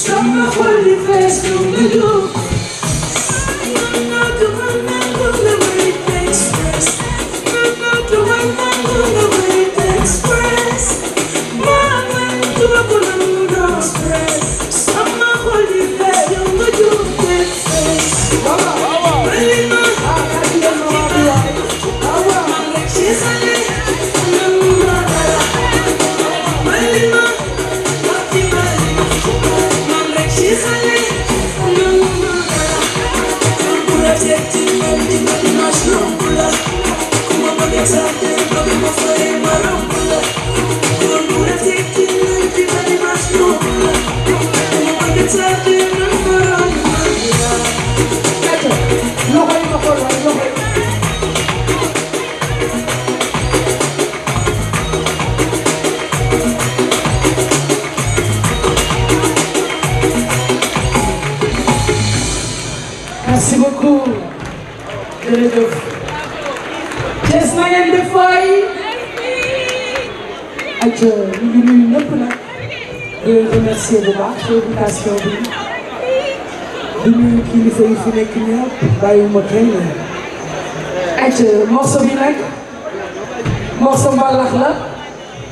Stop my holy face, don't be look. I'm not the one. jërëjëf Thiès na ngeen def waay ak ñu ngi nuyu ñëpp nag di leen remercier bu baax ci invitation bi di nuyu kilifa yi fi nekk ñëpp bàyyiwuma kenn ak morceau bi nag morceau mbalax la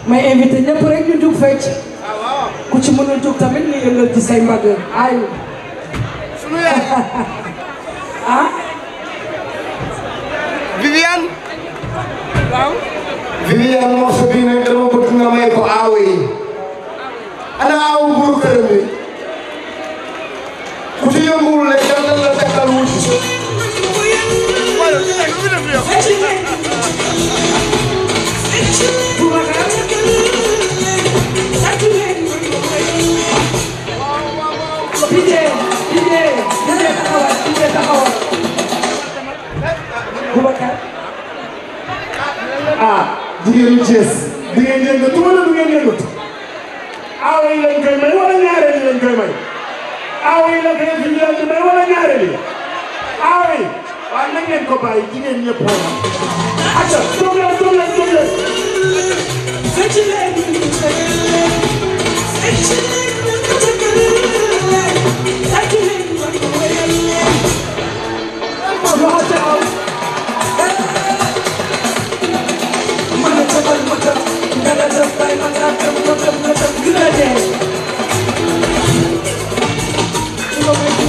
may invité ñëpp rek ñu jug fecc ku ci mën a jug tamit ñu yëngal ci say mbagg ayu ah Thiès di ngeen yëngatu wala du ngeen yëngatu aawa yi lañ koy may wala ñaareel yi lañ koy may aawa yi la koy fi ñu leen di may yi aawa yi waaw na ngeen ko bàyyi jigéen ñëpp wala. acca jóg leen. Thank you.